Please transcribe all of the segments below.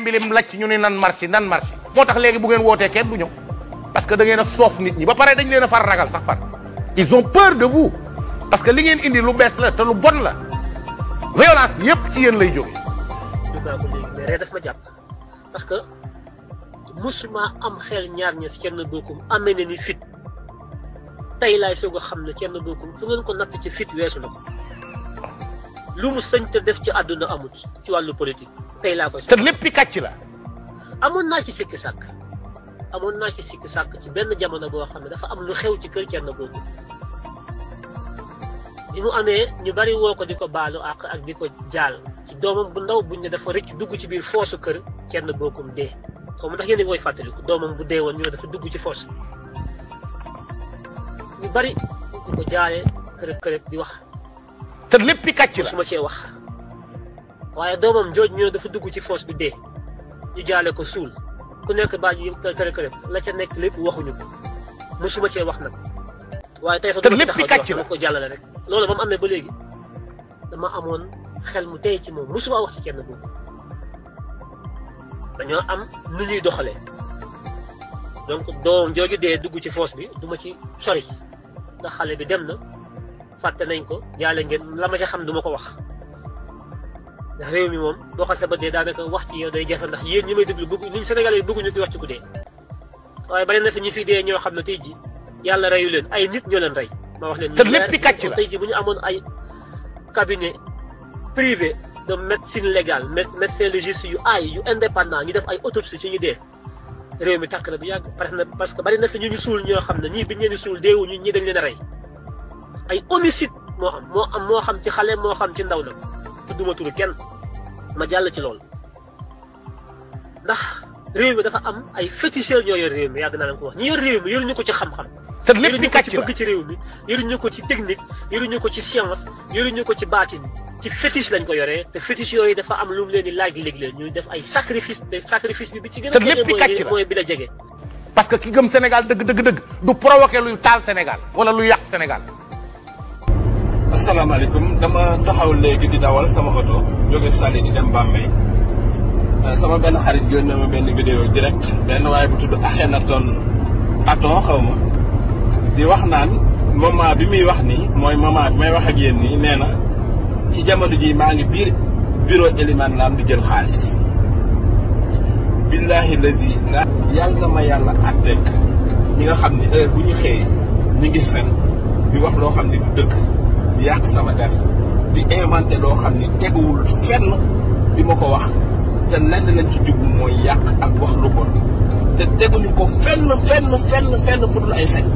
mbilim lacc ñu ne nan marché nan marché moo tax léegi bu ngeen wootee kenn du ñëw parce que da ngeen a soof nit ñi ba pare dañ leen a far ragal sax far ils ont peur de vous parce que li ngeen indi lu bees la te lu bon la violence yépp ci yéen lay jóge mais daf ma jàpp parce que musuma am xel ñaar ña si kenn bokkum amee na ni fit tey laay soo a xam ne kenn bokkum fu ngeen ko natt ci fit weesu na ko lu mu sëñ te def ci àdduna amut ci wàllu politique tey laa koy. te léppi kàcc la. amoon naa ci sikki sàkk amoon naa ci sikk sàkk ci benn jamono boo xam ne dafa am lu xew ci kër Thierno Bocoum bi mu amee ñu bari woo ko di ko baalu àq ak di ko jaal ci doomam bu ndaw buñ ne dafa rëcc dugg ci biir foosu kër Thierno Bocoum dee xaw ma ndax yéen a ngi fàttaliku doomam bu dee woon ñu ne dafa dugg ci foos ñu bari di ko jaale kërëb kërëb di wax. te léppi kàcc la su ma cee wax waaye doomam jooj ñu dafa dugg ci foos bi dee ñu jaale ko suul ku nekk baa ji kër kër la ca nekk lépp waxuñu ko mosuma cee wax nag. waaye tey fa du ma taxaw di wax ko rek. loolu ba mu ba léegi dama amoon xel mu tey ci moom mosuma wax ci kenn bu dañoo am nu ñuy doxalee donc doomam jooju dee dugg ci foos bi duma ci sori ndax xale bi dem na. fàtte nañ ko yàlla ngeen la ma ca xam du ma ko wax ndax réew mi moom boo xasee ba dee daanaka wax ci yow day jafe ndax yéen ñi may déglu bëgg ñun Sénégalais yi bëgguñu koy wax ci ku dee waaye bari na fi ñu fi dee ñoo xam ne tey ji yàlla reyu leen ay nit ñoo leen rey. ma wax leen te lépp kàcc la tey ji bu ñu amoon ay cabinet privé de médecine légale médecin légiste yu aay yu indépendant ñu def ay autopsie ci ñu dee. réew mi tàkk na bu yàgg parce que bari na fi ñu ñu suul ñoo xam ne ñii biñ leen di suul deewuñu ñii dañ leen a rey. ay homicide moo am moo am moo xam ci xale moo xam ci ndaw la tudduma turu kenn ma jàll ci lool ndax réew mi dafa am ay féticheurs ñoo yor réew mi yàgg naa leen ko wax ñi yor réew mi yoruñu ko ci xam-xam. te lépp di kàcc la yoruñu ci bëgg ci réew mi ko ci technique yoruñu ko ci science yoruñu ko ci baatin ci fétiche lañ ko yoree te fétiche yooyu dafa am lu mu leen di laaj léeg-léeg ñuy def ay sacrifice te sacrifice bi bi ci gën a. te lépp di kàcc la mooy bi la jege. parce que ki gëm Sénégal dëgg dëgg dëgg du provoquer luy taal Sénégal wala luy yàq Sénégal asalaamaaleykum dama taxaw léegi di dawal sama oto jóge Saly di dem Bambey euh, sama benn xarit yónnee ma benn vidéo direct benn waaye bu tudd Akhenaton Aton xaw ma di wax naan moment bi muy wax nii mooy moment bi may wax ak yéen nii nee na ci jamono jii maa ngi biir bureau Elimane Lam di jël xaalis billahi lazi na yàlla ma yàlla àtteeg ñi nga xam ni heure bu ñu xëyee ñu ngi fen di wax loo xam ne du dëkk yàq sama der di inventé loo xam ni teguwul fenn di ma ko wax te lenn lañ ci jublu mooy yàq ak wax lu bon te teguñu ko fenn fenn fenn fenn fu dul ay fen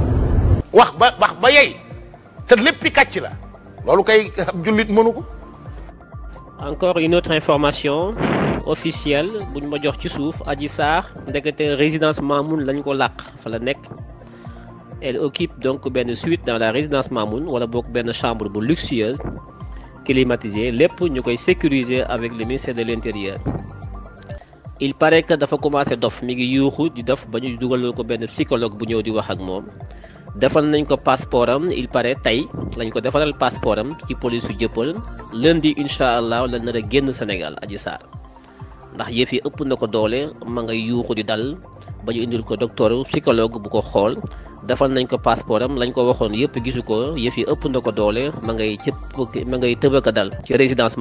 wax ba wax ba yey te léppi kàcc la loolu kay ab jullit mënu ko encore une autre information officielle buñ ma jox ci suuf Adji Sarr ndekete résidence Mamoun lañu ko làq fa la nekk elle occupe donc benn suite dans la résidence Mamoun wala boog benn chambre bu luxueuse climatisée lépp ñu koy sécuriser avec le ministère de l'intérieur il paraît que dafa commencé dof mi ngi yuuxu di def ba ñu dugaloo ko benn psychologue bu ñëw di wax ak moom defal nañ ko passeport am il paraît tey lañ ko defaral passeport am ci police su jëppal di incha allah la nar génn Sénégal Adji Sarr ndax yëf yi ëpp na ko doole ma ngay yuuxu di dal. ba ñu indil ko docteur psychologue bu ko xool defal nañ ko passeport am lañ ko waxoon yëpp gisu ko yëf yi ëpp na ko doole ma ngay cëpp ma ngay tëb a dal ci résidence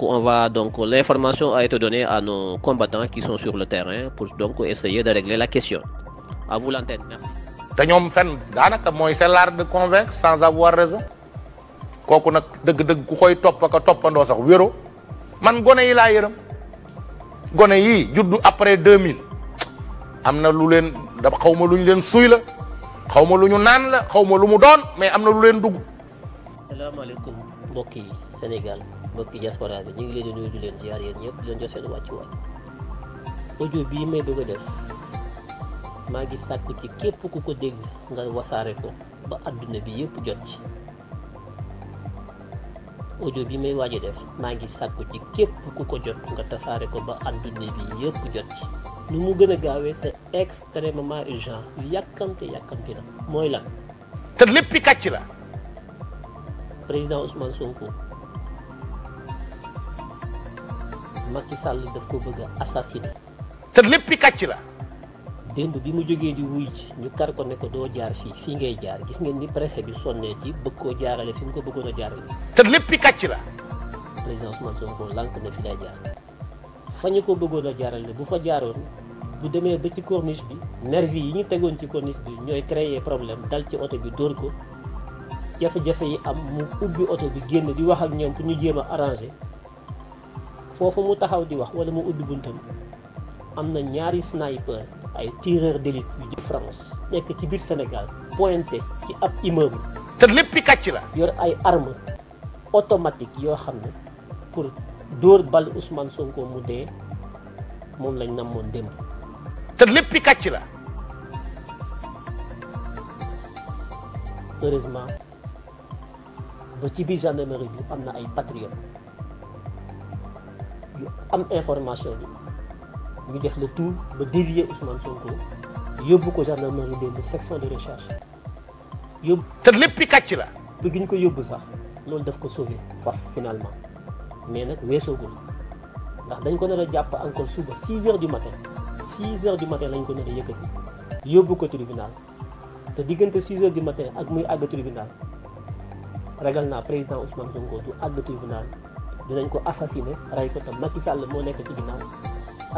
on va donc l'information a été donnée à nos le terrain pour donc essayer de régler la question à vous l'antenne merci. te ñoom fen daanaka mooy c'est l'art de dëgg-dëgg ku koy topp ak toppandoo sax wéro man gone yi laa yërëm gone yi juddu après am na lu leen da xaw ma lu ñu leen suuy la xaw ma lu ñu naan la xaw ma lu mu doon mais am na lu leen dugg. salaamaaleykum mbokki Sénégal mbokki diaspora bi ñu ngi leen di nuyu leen ziar yéen ñëpp leen jox seen wàccuwaay audio bii may bëgg a def maa ngi sàkku ci képp ku ko dégg nga wasaare ko ba adduna bi yëpp jot ci audio bi may waaj a maa ngi sàkku ci képp ku ko jot nga tasaare ko ba adduna bi yëpp jot ci. nu mu gën a gaawee c'est extrêmement urgent yàkkamte yàkkamte la mooy la te léppi kàcc la. président Ousmane Sonko Macky sàll daf ko bëgg a assassiné. te léppi kàcc la. démb bi mu jógee di wuy ji ñu kar ko ne ko doo jaar fii fii ngay jaar gis ngeen ni préfet bi sonnee ci bëgg koo jaarale fi mu ko bëggoon a jaarale. te léppi kàcc la. président Ousmane Sonko lànk na fi lay jaar. fa ñu ko bëggoon a jaarale bu fa jaaroon bu demee ba ci corniche bi nervi yi ñu tegoon ci corniche bi ñooy créer problème dal ci oto bi dóor ko jafe-jafe yi am mu ubbi oto bi génn di wax ak ñoom pour ñu jéem a arranger foofu mu taxaw di wax wala mu ubbi buntam am na ñaari sniper ay tireur d'élite yu di France nekk ci biir Sénégal pointé ci ab immeuble. te léppi kàcc la. yor ay armes automatiques yoo xam ne dóor bal usman Sonko mu dee moom lañ namoon démb. te léppi kacc la. heureusement ba ci biir gendarmerie bi am na ay patriotes yu am information bi ñu def le tour ba dévier Ousmane Sonko yóbbu ko gendarmerie démb section de recherche yóbbu. te léppi kàcc la. bi ñu ko yóbbu sax loolu daf ko sauver faf finalement. mais nag weesoogul ndax dañ ko nar a jàpp encore suba 6 heures du matin 6 heures du matin lañ ko nar a yëkkati yóbbu ko tribunal te diggante 6 heures du matin ak muy àgg tribunal ragal naa président Ousmane Sonko du àgg tribunal dinañ ko assassiné rey ko te Macky Sall moo nekk ci ginnaaw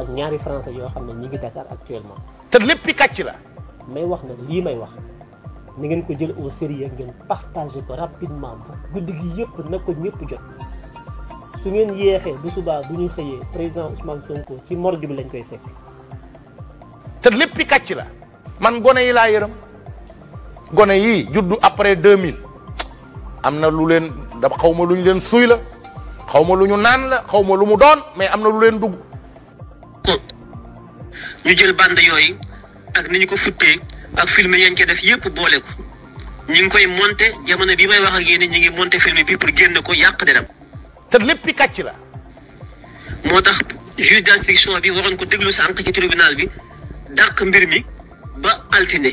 ak ñaari français yoo xam ne ñi ngi Dakar actuellement. te léppi kàcc la. may wax nag lii may wax ni ngeen ko jël au sérieux ngeen partagé ko rapidement bu guddi gi yëpp na ko ñëpp jot. su ngeen yéexee bu subaa bu ñu xëyee président Ousmane ko ci morgue bi lañ koy fekk. te léppi kàcc la man gone yi laa yërëm gone yii juddu après 2000 am na lu leen da xaw ma lu ñu leen suy la xaw ma lu ñu naan la xaw ma lu mu doon mais am na lu leen dugg. ñu jël bande yooyu ak ni ñu ko futtee ak film yi ñu def yépp boole ko ñu ngi koy monter jamono bi may wax ak yéen ñi ngi monter film bi pour génn ko yàq deram te léppi kàcc la. moo tax juge d'instruction bi waroon ko déglu sànq ci tribunal bi dàq mbir mi ba altine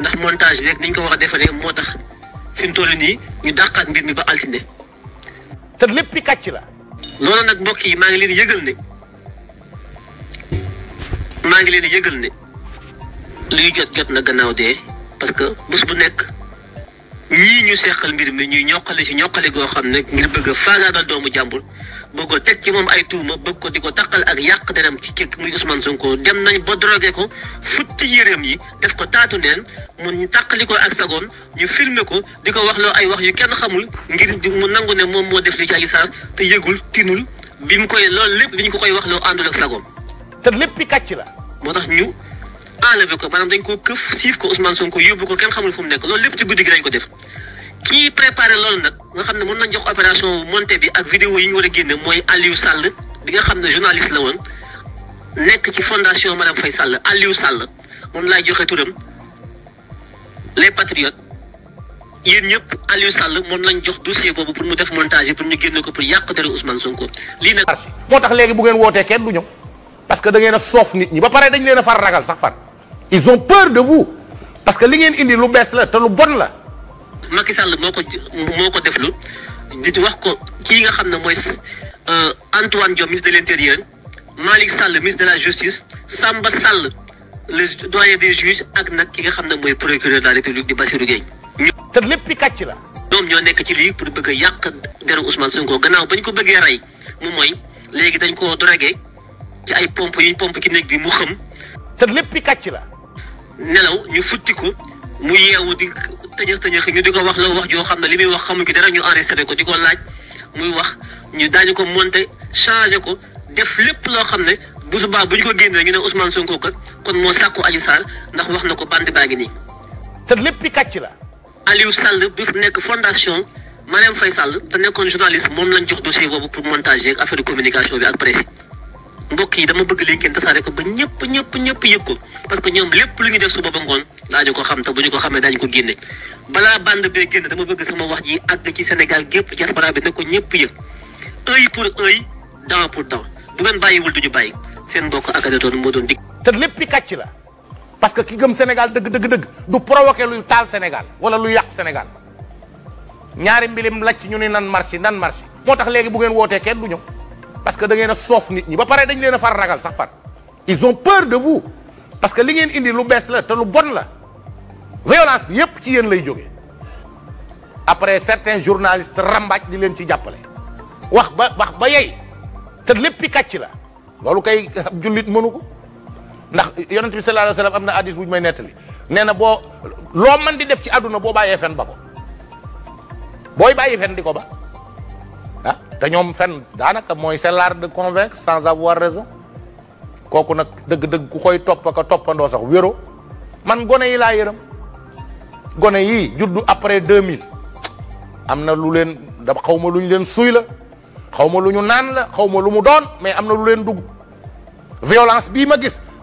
ndax montage bi rek ni ñu ko war a defaree moo tax fi mu toll nii ñu dàqaat mbir mi ba altine. te léppi kàcc la. loolu nag mbokk yi maa ngi leen yëgal ne maa ngi leen yëgal ne luy jot jot na gannaaw de parce que bés bu nekk. ñii ñu seqal mbir mi ñuy ñoqale si ñoqale goo xam ne ngir bëgg a faagaabal doomu jàmbur bëgg ko teg ci moom ay tuuma bëgg ko di ko taqal ak yàq deram ci kii muy Ousmane Sonko dem nañ ba drogué ko futti yéreem yi def ko taatu neen mu taqali ko ak sagoon ñu filmer ko di ko wax loo ay wax yu kenn xamul ngir mu nangu ne moom moo def li ci Adji Sarr te yëgul tinul bi mu koy lool lépp bi ñu ko koy wax loo àndul ak sagoon. te lépp kàcc la. moo tax ñu. enlevé ko maanaam dañ ko këf siif ko Ousmane Sonko yóbbu ko kenn xamul fu mu nekk loolu lépp ci guddi gi lañ ko def kii préparé loolu nag nga xam ne mën nañ jox opération monté bi ak vidéo yi ñu war a génne mooy Aliou Sall bi nga xam ne journaliste la woon nekk ci fondation madame Faye Sall Aliou Sall moom laay joxe turam les patriotes yéen ñëpp Aliou Sall moom lañ jox dossier boobu pour mu def montage yi pour ñu génne ko pour yàq dara Ousmane Sonko lii nag. moo tax léegi bu ngeen wootee kenn bu ñëw. parce que da ngeen a soof nit ñi ba pare dañ leen a far ragal sax far ils ont peur de vous parce que li ngeen indi lu bees la te lu bon la. Macky Sall moo ko moo ko deflu di wax ko kii nga xam ne mooy euh, Antoine Diome ministre de l' intérieur Malick Sall ministre de la justice Samba Sall le doyen des juges ak nag ki nga xam ne mooy procureur de la république di Bassirou Gueye. te léppi kàcc la. ñoom ñoo nekk ci lii pour bëgg a yàq deru Ousmane Sonko gannaaw ñu ko bëggee rey mu mooy léegi dañ koo drogué. ci ay pompe yuñ pompe ci néeg bi mu xëm. te lépp kàcc la. nelaw ñu futti ko mu yeewu di tëñëx tëñëx ñu di ko wax loo wax joo xam ne li muy wax xamuñ ko dara ñu enregistré ko di ko laaj muy wax ñu daañu ko monté changé ko def lépp loo xam ne bu subaa bu ñu ko génnee ñu ne Ousmane Sonko kat kon moo sàkku Aliou Sall ndax wax na ko bandi baa ngi nii. te lépp kàcc la. Aliou Sall bi nekk fondation Marième Faye Sall te nekkoon journaliste moom lañ jox dossier boobu pour montage yeeg affaire de communication bi ak presse mbokk yi dama bëgg léegi ngeen ko ba ñëpp ñëpp ñëpp yëg ko parce que ñoom lépp lu ñu def suba ba ngoon daañu ko xam te bu ñu ko xamee daañu ko génne balaa bande bee génn dama bëgg sama wax ji àgg ci Sénégal gépp diaspora ne ko ñëpp yëg œil pour œil dent pour dent bu ngeen bàyyiwul duñu bàyyi seen mbokk ak doon moo doon dig te léppi kàcc la parce que ki gëm Sénégal dëgg dëgg dëgg du provoqué luy taal Sénégal wala luy yàq Sénégal ñaari mbilim lacc ñu ne nan marché nan marché moo tax léegi bu ngeen wootee kenn du ñëw parce que da ngeen a soof nit ñi ba pare dañ leen a far ragal sax far ils ont peur de vous parce que li ngeen indi lu bees la te lu bon la violence bi yépp ci yéen lay jóge après certains journalistes rambaaj di leen ci jàppale wax ba wax ba yey te léppi kàcc la loolu kay ab jullit mënu ko ndax yonent bi sallallahu alayhi wa am na hadis bu ñu may nettali nee na boo loo man di def ci àdduna boo bàyyee fen ba ko booy bàyyi fen di ko ba te ñoom fen daanaka mooy c'est l'art de convaincre sans avoir raison kooku nag dëgg-dëgg koy topp ak toppandoo sax wéro man gone yi laa yërëm gone yii juddu après mille am na lu leen da xaw ma lu ñu leen suy la xaw ma lu ñu naan la xaw ma lu mu doon mais am na lu leen dugg violence bii ma gis